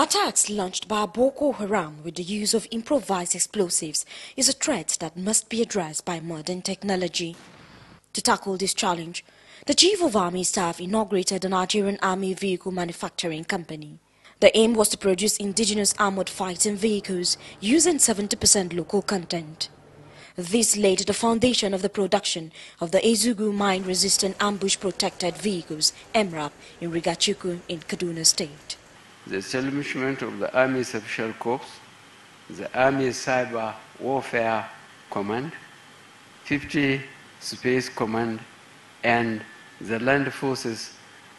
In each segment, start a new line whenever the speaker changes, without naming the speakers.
Attacks launched by Boko Haram with the use of improvised explosives is a threat that must be addressed by modern technology. To tackle this challenge, the Chief of Army Staff inaugurated the Nigerian Army Vehicle Manufacturing Company. The aim was to produce indigenous armored fighting vehicles using 70% local content. This laid the foundation of the production of the Ezugu mine-resistant ambush-protected vehicles, MRAP, in Rigachuku in Kaduna State
the establishment of the Army Special corps, the Army Cyber Warfare Command, 50 Space Command, and the Land Forces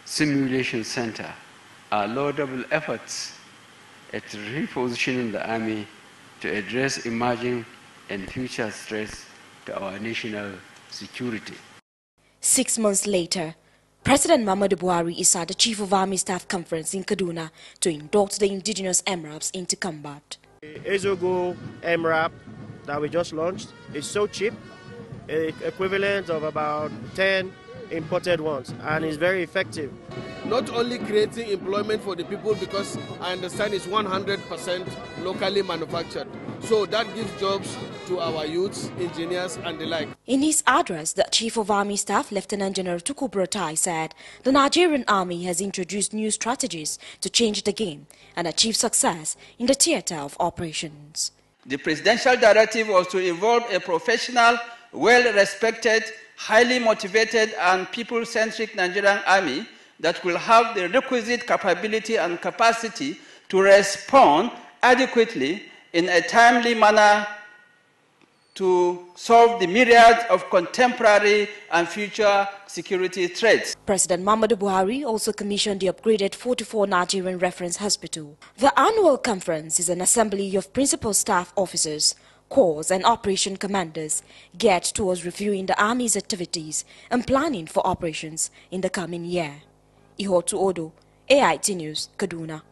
Simulation Center are laudable efforts at repositioning the Army to address emerging and future threats to our national security.
Six months later, President Mahmoud Buhari is at the Chief of Army Staff Conference in Kaduna to induct the indigenous MRAPs into combat.
The Ezogo MRAP that we just launched is so cheap, equivalent of about 10 imported
ones, and is very effective. Not only creating employment for the people, because I understand it's 100% locally manufactured. So that gives jobs to our youths, engineers and the like.
In his address, the Chief of Army Staff, Lieutenant General Tuku Brotai, said the Nigerian Army has introduced new strategies to change the game and achieve success in the theater of operations.
The presidential directive was to evolve a professional, well-respected, highly motivated and people-centric Nigerian army that will have the requisite capability and capacity to respond adequately in a timely manner to solve the myriad of contemporary and future security
threats. President Mamadou Buhari also commissioned the upgraded 44 Nigerian Reference Hospital. The annual conference is an assembly of principal staff officers, corps and operation commanders geared towards reviewing the Army's activities and planning for operations in the coming year. Ihotu Odo, AIT News, Kaduna.